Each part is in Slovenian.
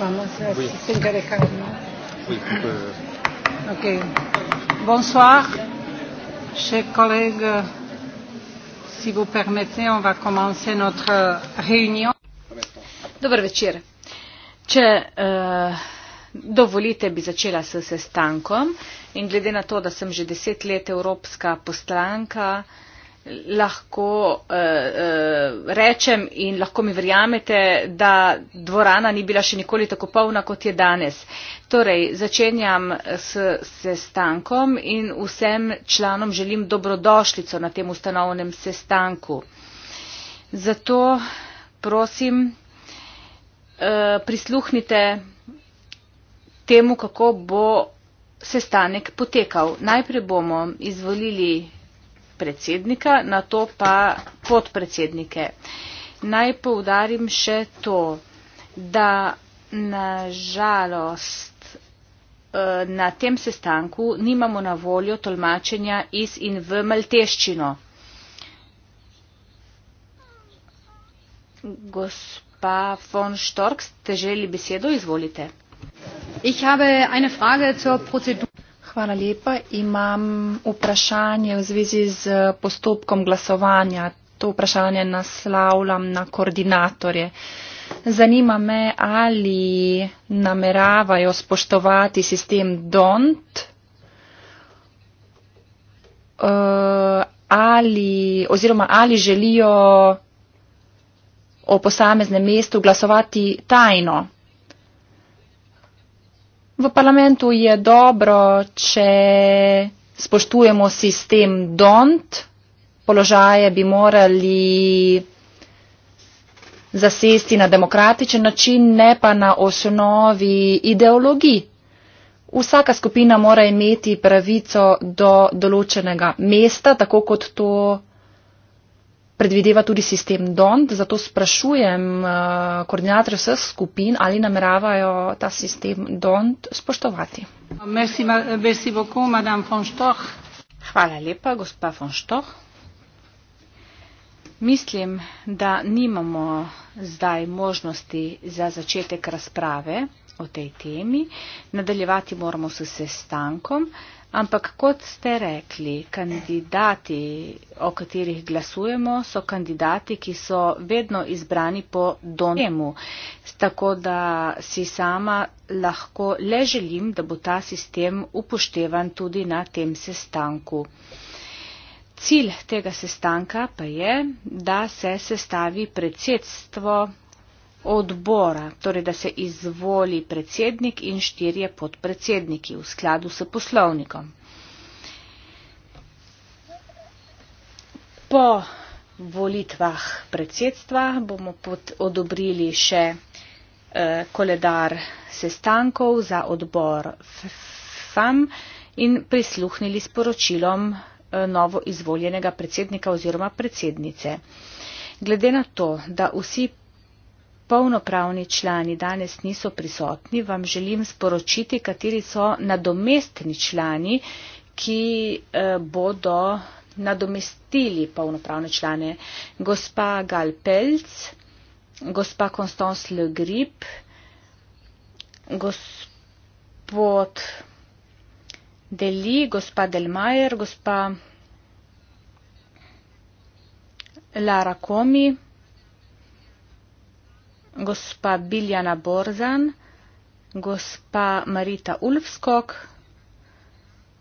Eh, ¿no? Bonsoir, chers collègues. Si vous permettez, on va commencer notre réunion. Dobar večer. Če uh, dovolite, bi začela s sestankom in glede na to, da sem že deset let evropska poslanka, uh, lahko uh, uh, rečem in lahko mi verjamete, da dvorana ni bila še nikoli tako polna, kot je danes. Torej, začenjam s sestankom in vsem članom želim dobrodošlico na tem ustanovnem sestanku. Zato prosim, uh, prisluhnite temu, kako bo sestanek potekal. Najprej bomo izvolili predsednika, na to pa podpredsednike. Naj poudarim še to, da na žalost eh, na tem sestanku nimamo na voljo tolmačenja iz in v malteščino. Gospa von Storks, te želi besedo, izvolite. Ich habe eine Frage zur Prozedur. Hvala lepa. Imam vprašanje v zvezi z postopkom glasovanja. To vprašanje naslavljam na koordinatorje. Zanima me, ali nameravajo spoštovati sistem DONT eh, ali, oziroma ali želijo o posameznem mestu glasovati tajno. V parlamentu je dobro, če spoštujemo sistem DONT, položaje bi morali zasesti na demokratičen način, ne pa na osnovi ideologij. Vsaka skupina mora imeti pravico do določenega mesta, tako kot to predvideva tudi sistem DONT, zato sprašujem eh, koordinatorje vseh skupin, ali nameravajo ta sistem DONT spoštovati. Hvala lepa, gospa von Štoh. Mislim, da nimamo zdaj možnosti za začetek razprave o tej temi. Nadaljevati moramo s sestankom. Se Ampak kot ste rekli, kandidati, o katerih glasujemo, so kandidati, ki so vedno izbrani po donemu. Tako da si sama lahko le želim, da bo ta sistem upoštevan tudi na tem sestanku. Cilj tega sestanka pa je, da se sestavi predsedstvo odbora, torej da se izvoli predsednik in štirje podpredsedniki v skladu s poslovnikom. Po volitvah predsedstva bomo pod, odobrili še eh, koledar sestankov za odbor FAM in prisluhnili sporočilom eh, novo izvoljenega predsednika oziroma predsednice. Glede na to, da vsi polnopravni člani danes niso prisotni, vam želim sporočiti, kateri so nadomestni člani, ki eh, bodo nadomestili polnopravne člane. Gospa Galpelc, gospa Konstans Le Grip, gospod Deli, gospa Delmajer, gospa Lara Komi gospa Biljana Borzan, gospa Marita Ulfskog,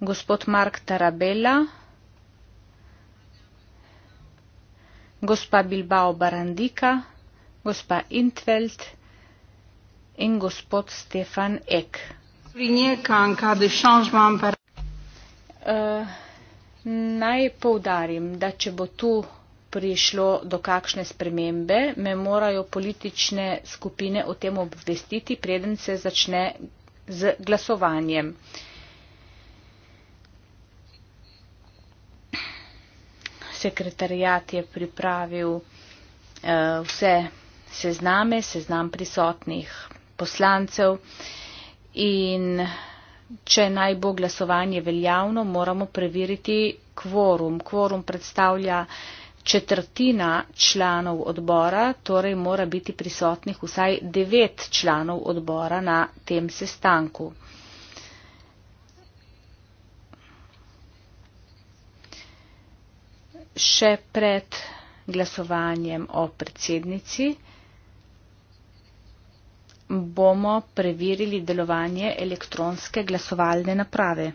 gospod Mark Tarabella, gospa Bilbao Barandika, gospa Intveld in gospod Stefan Ek. Uh, naj poudarim, da če bo tu prišlo do kakšne spremembe, me morajo politične skupine o tem obvestiti, preden se začne z glasovanjem. Sekretarjat je pripravil uh, vse sezname, seznam prisotnih poslancev in če naj bo glasovanje veljavno, moramo preveriti kvorum. Kvorum predstavlja uh, četrtina članov odbora, torej mora biti prisotnih vsaj devet članov odbora na tem sestanku. Še pred glasovanjem o predsednici bomo preverili delovanje elektronske glasovalne naprave.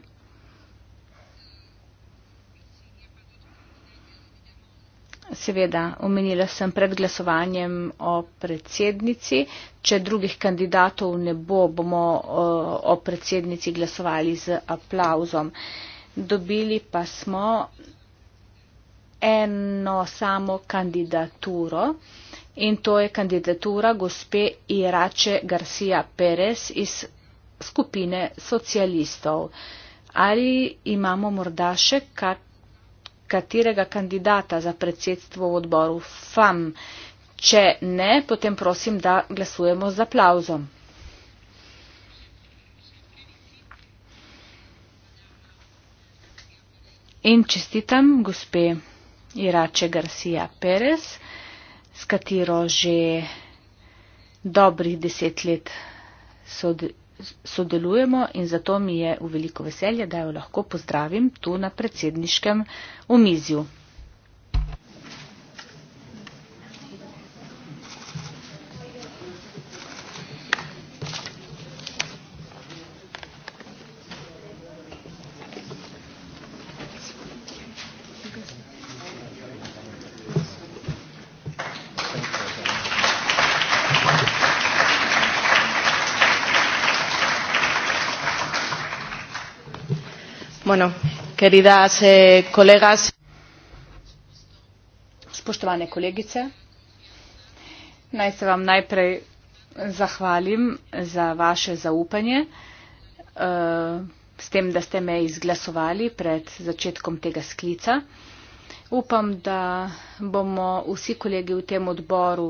seveda, omenila sem pred glasovanjem o predsednici. Če drugih kandidatov ne bo, bomo o, o predsednici glasovali z aplauzom. Dobili pa smo eno samo kandidaturo in to je kandidatura gospe Irače Garcia Perez iz skupine socialistov. Ali imamo morda še kak katerega kandidata za predsedstvo v odboru FAM. Če ne, potem prosim, da glasujemo z aplauzom. In čestitam gospe Irače Garcia Perez, s katero že dobrih deset let sodi sodelujemo in zato mi je v veliko veselje, da jo lahko pozdravim tu na predsedniškem omizju. Bueno, queridas eh, colegas, spoštovane kolegice, naj se vam najprej zahvalim za vaše zaupanje uh, s tem, da ste me izglasovali pred začetkom tega sklica. Upam, da bomo vsi kolegi v tem odboru.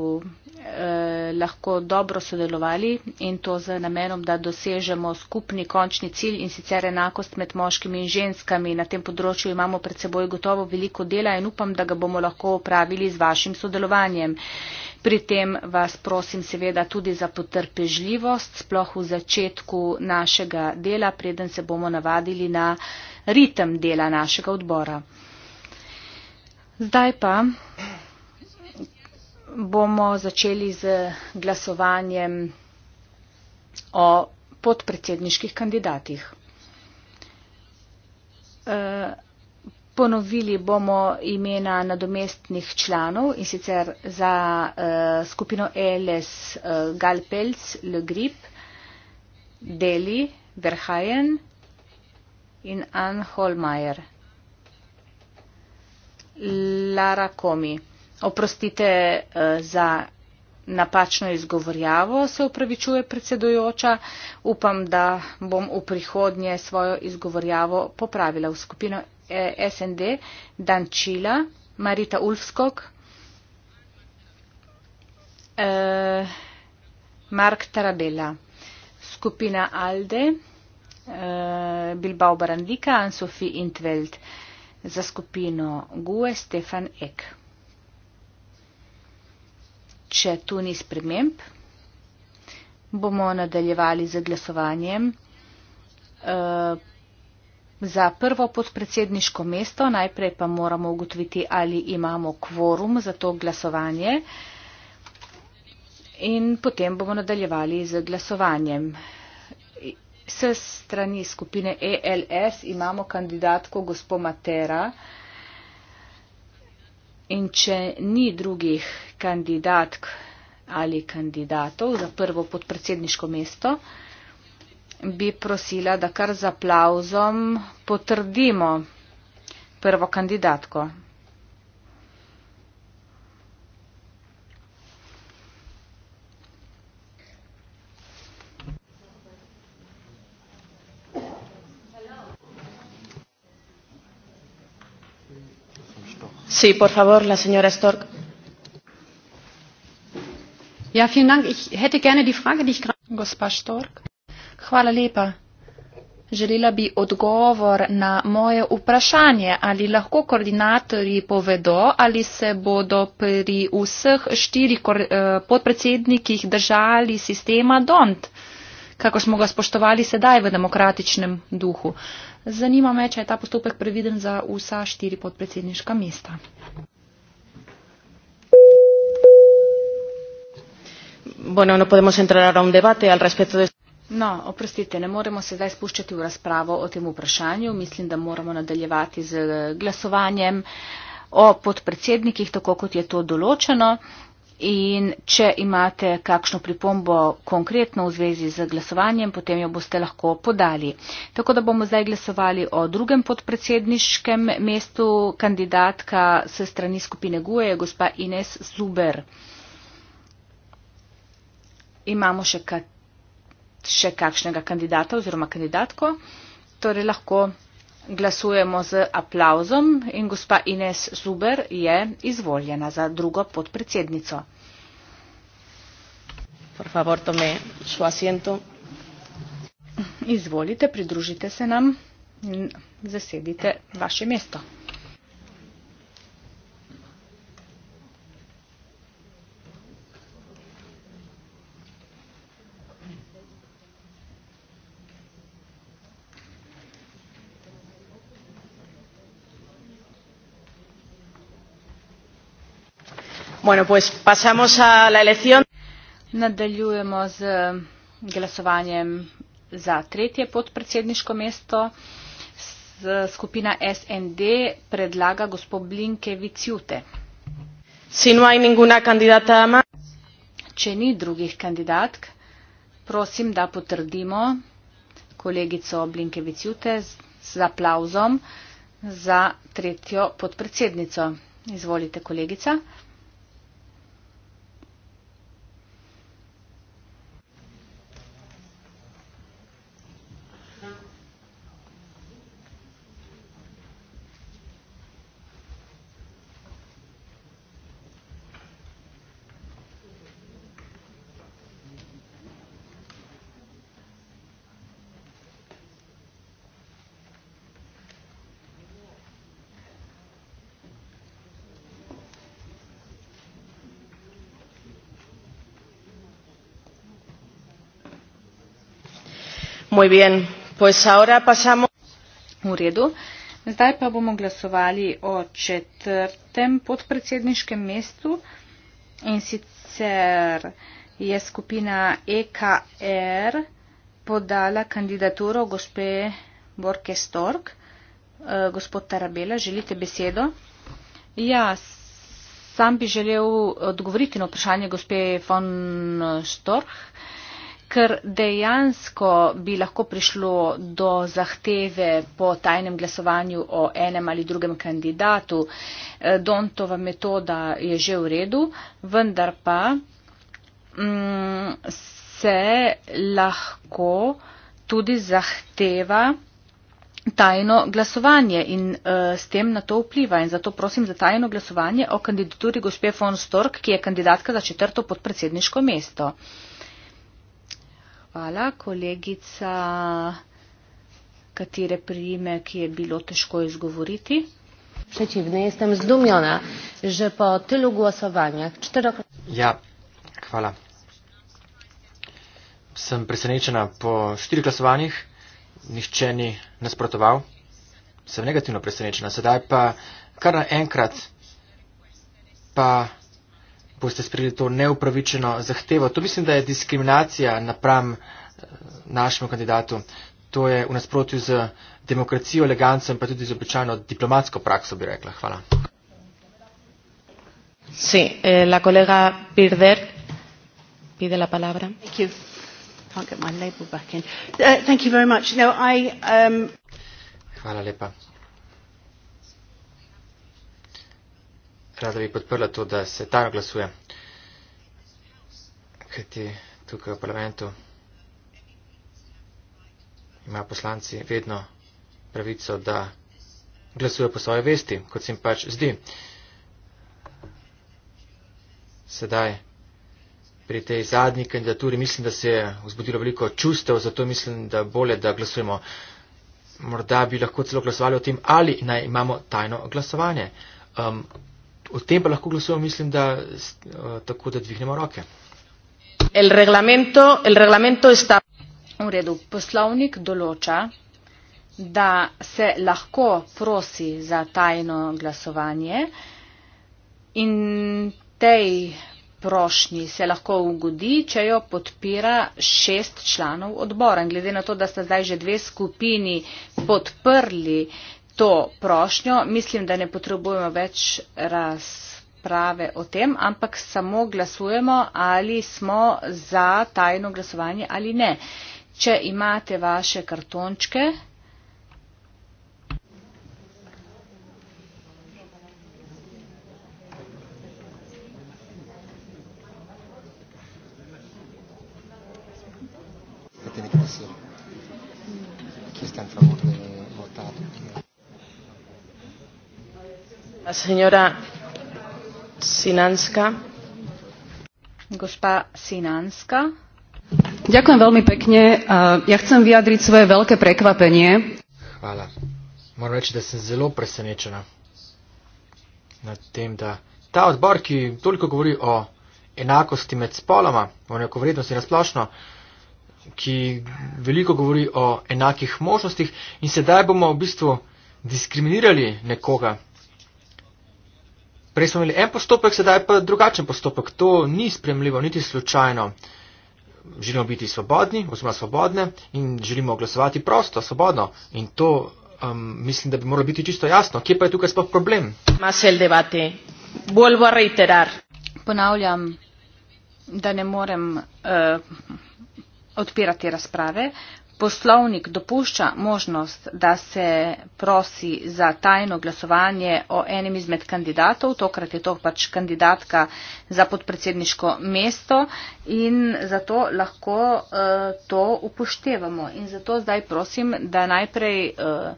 Uh, lahko dobro sodelovali in to z namenom, da dosežemo skupni končni cilj in sicer enakost med moškimi in ženskami. Na tem področju imamo pred seboj gotovo veliko dela in upam, da ga bomo lahko opravili z vašim sodelovanjem. Pri tem vas prosim seveda tudi za potrpežljivost, sploh v začetku našega dela, preden se bomo navadili na ritem dela našega odbora. Zdaj pa bomo začeli z glasovanjem o podpredsedniških kandidatih. E, ponovili bomo imena nadomestnih članov in sicer za e, skupino ELS e, Galpelc, Le Grip, Deli, Verhajen in Ann Holmeier. Lara Komi. Oprostite eh, za napačno izgovorjavo, se upravičuje predsedujoča. Upam, da bom v prihodnje svojo izgovorjavo popravila v skupino eh, SND Dančila Marita Ulfskog, eh, Mark Tarabella, skupina Alde, Bilbao Barandika, Ansofi Intveld, za skupino GUE Stefan Ek če tu ni sprememb, bomo nadaljevali z glasovanjem eh, za prvo podpredsedniško mesto. Najprej pa moramo ugotoviti, ali imamo kvorum za to glasovanje. In potem bomo nadaljevali z glasovanjem. S strani skupine ELS imamo kandidatko gospo Matera. In če ni drugih kandidatk ali kandidatov za prvo podpredsedniško mesto, bi prosila, da kar z aplauzom potrdimo prvo kandidatko. Ja, Hvala lepa. Želela bi odgovor na moje vprašanje, ali lahko koordinatorji povedo, ali se bodo pri vseh štirih eh, podpredsednikih držali sistema DONT, kako smo ga spoštovali sedaj v demokratičnem duhu. Zanima me, če je ta postopek previden za vsa štiri podpredsedniška mesta. Bueno, no podemos entrar a un debate al respecto de... No, oprostite, ne moremo se zdaj spuščati v razpravo o tem vprašanju. Mislim, da moramo nadaljevati z glasovanjem o podpredsednikih, tako kot je to določeno. In če imate kakšno pripombo konkretno v zvezi z glasovanjem, potem jo boste lahko podali. Tako da bomo zdaj glasovali o drugem podpredsedniškem mestu. Kandidatka se strani skupine Guje je gospa Ines Zuber. Imamo še, ka še kakšnega kandidata oziroma kandidatko. Torej lahko glasujemo z aplauzom in gospa Ines Zuber je izvoljena za drugo podpredsednico. Por favor, tome su asiento. Izvolite, pridružite se nam in zasedite vaše mesto. nadaljujemo z glasovanjem za tretje podpredsedniško mesto skupina SND predlaga gospod Blinke Viciute. Si no hay ninguna candidata más. Če ni drugih kandidatk, prosim, da potrdimo kolegico Blinke Viciute z aplauzom za tretjo podpredsednico. Izvolite, kolegica. Hvala. V redu. Zdaj pa bomo glasovali o četrtem podpredsedniškem mestu in sicer je skupina EKR podala kandidaturo gospe Borke Stork. Eh, gospod Tarabela, želite besedo? Ja, sam bi želel odgovoriti na vprašanje gospe von Stork ker dejansko bi lahko prišlo do zahteve po tajnem glasovanju o enem ali drugem kandidatu. Eh, Dontova metoda je že v redu, vendar pa mm, se lahko tudi zahteva tajno glasovanje in uh, s tem na to vpliva. In zato prosim za tajno glasovanje o kandidaturi gospe von Stork, ki je kandidatka za četrto podpredsedniško mesto. Hvala, kolegica, katere prijime, ki je bilo težko izgovoriti. Všeči dne sem zdumljena, že po tilu glasovanja. Četiro... Ja, hvala. Sem presenečena po štirih glasovanjih, nihče ni nasprotoval. Sem negativno presenečena, sedaj pa kar naenkrat pa boste sprejeli to neupravičeno zahtevo. To mislim, da je diskriminacija napram eh, našemu kandidatu. To je v nasprotju z demokracijo, elegancem, pa tudi z običajno diplomatsko prakso, bi rekla. Hvala. Sí, eh, la kolega Pirder pide la palabra. Thank you. Can't get my label back in. Uh, thank you very much. No, I, um... Hvala lepa. rada bi podprla to, da se tako glasuje, kajti tukaj v parlamentu ima poslanci vedno pravico, da glasuje po svoje vesti, kot se jim pač zdi. Sedaj pri tej zadnji kandidaturi mislim, da se je vzbudilo veliko čustev, zato mislim, da bolje, da glasujemo. Morda bi lahko celo glasovali o tem, ali naj imamo tajno glasovanje. Um, O tem pa lahko glasujemo, mislim, da tako, da dvignemo roke. El reglamento, el reglamento sta... V redu, poslovnik določa, da se lahko prosi za tajno glasovanje in tej prošnji se lahko ugodi, če jo podpira šest članov odbora. In glede na to, da sta zdaj že dve skupini podprli to prošnjo. Mislim, da ne potrebujemo več razprave o tem, ampak samo glasujemo, ali smo za tajno glasovanje ali ne. Če imate vaše kartončke, señora Sinanska. Gospa Sinanska. Ďakujem veľmi pekne. Ja chcem vyjadriť svoje veľké prekvapenie. Hvala. Moram reči, da sem zelo presenečena nad tem, da ta odbor, ki toliko govori o enakosti med spoloma, o enakovrednosti nasplošno, ki veliko govori o enakih možnostih in sedaj bomo v bistvu diskriminirali nekoga Prej smo imeli en postopek, sedaj pa drugačen postopek. To ni spremljivo, niti slučajno. Želimo biti svobodni, oziroma svobodne, in želimo glasovati prosto, svobodno. In to um, mislim, da bi moralo biti čisto jasno. Kje pa je tukaj sploh problem? Ponavljam, da ne morem uh, odpirati razprave, Poslovnik dopušča možnost, da se prosi za tajno glasovanje o enem izmed kandidatov, tokrat je to pač kandidatka za podpredsedniško mesto in zato lahko uh, to upoštevamo. In zato zdaj prosim, da najprej uh,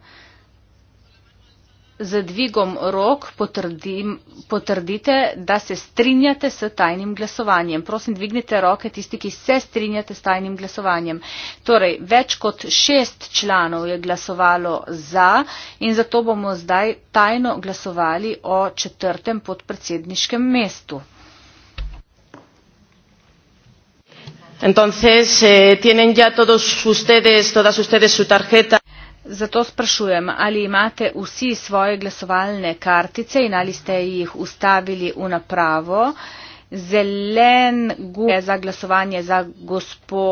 z dvigom rok potrdim, potrdite, da se strinjate s tajnim glasovanjem. Prosim, dvignite roke tisti, ki se strinjate s tajnim glasovanjem. Torej, več kot šest članov je glasovalo za in zato bomo zdaj tajno glasovali o četrtem podpredsedniškem mestu. Entonces, eh, tienen ya todos ustedes, todas ustedes su tarjeta. Zato sprašujem, ali imate vsi svoje glasovalne kartice in ali ste jih ustavili v napravo. Zelen gumb je za glasovanje za gospo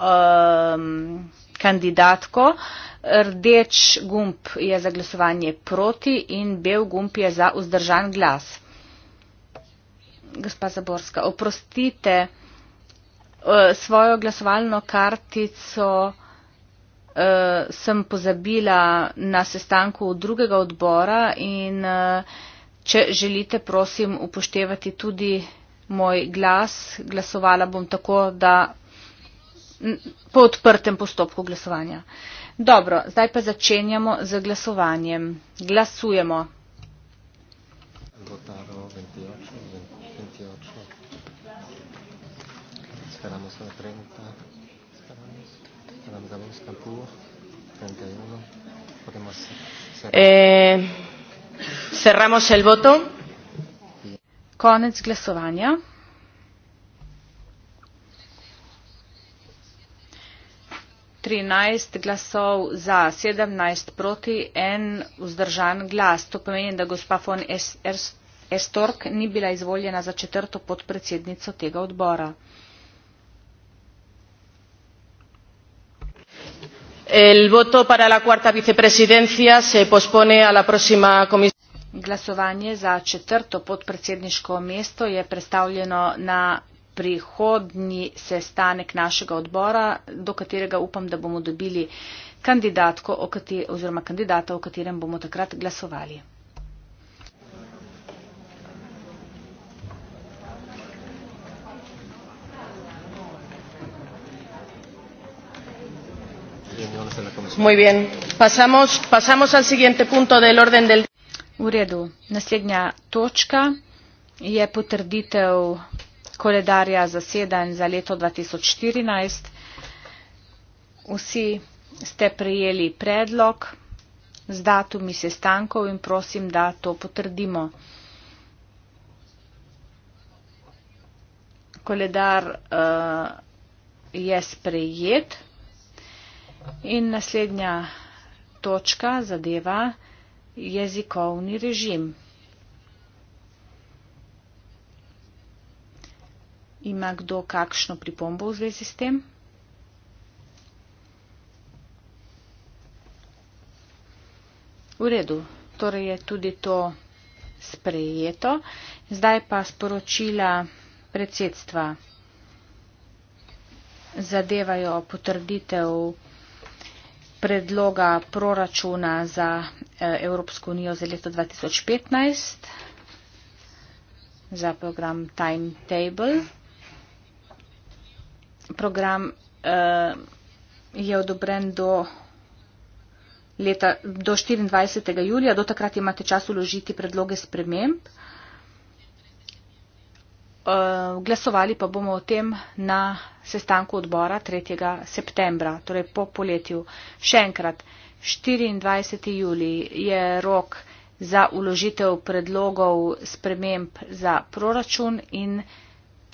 um, kandidatko, rdeč gumb je za glasovanje proti in bel gumb je za vzdržan glas. Gospa Zaborska, oprostite, e, svojo glasovalno kartico uh, sem pozabila na sestanku drugega odbora in uh, če želite, prosim, upoštevati tudi moj glas. Glasovala bom tako, da po odprtem postopku glasovanja. Dobro, zdaj pa začenjamo z glasovanjem. Glasujemo. Lotaro, 28, 28. Eh, cerramos el voto. Konec glasovanja. Trinajst glasov za, sedemnajst proti, en vzdržan glas. To pomeni, da gospa von Estork ni bila izvoljena za četrto podpredsednico tega odbora. el voto para la cuarta vicepresidencia se pospone a la próxima comisión. Glasovanje za četrto podpredsedniško mesto je predstavljeno na prihodnji sestanek našega odbora, do katerega upam, da bomo dobili kandidatko, oziroma kandidata, o katerem bomo takrat glasovali. Muy bien. Pasamos, pasamos al siguiente punto del orden del día. V redu. Naslednja točka je potrditev koledarja zasedanj za leto 2014. Vsi ste prijeli predlog z datumi sestankov in prosim, da to potrdimo. Koledar uh, je sprejet. In naslednja točka zadeva jezikovni režim. Ima kdo kakšno pripombo v zvezi s tem? V redu, torej je tudi to sprejeto. Zdaj pa sporočila predsedstva zadevajo potrditev predloga proračuna za eh, Evropsko unijo za leto 2015 za program Timetable. Program eh, je odobren do leta do 24. julija, do takrat imate čas uložiti predloge sprememb. Uh, Eh, glasovali pa bomo o tem na sestanku odbora 3. septembra, torej po poletju. Še enkrat, 24. juli je rok za uložitev predlogov sprememb za proračun in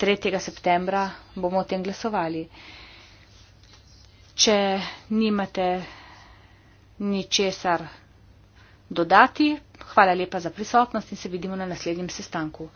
3. septembra bomo o tem glasovali. Če nimate ničesar dodati, hvala lepa za prisotnost in se vidimo na naslednjem sestanku.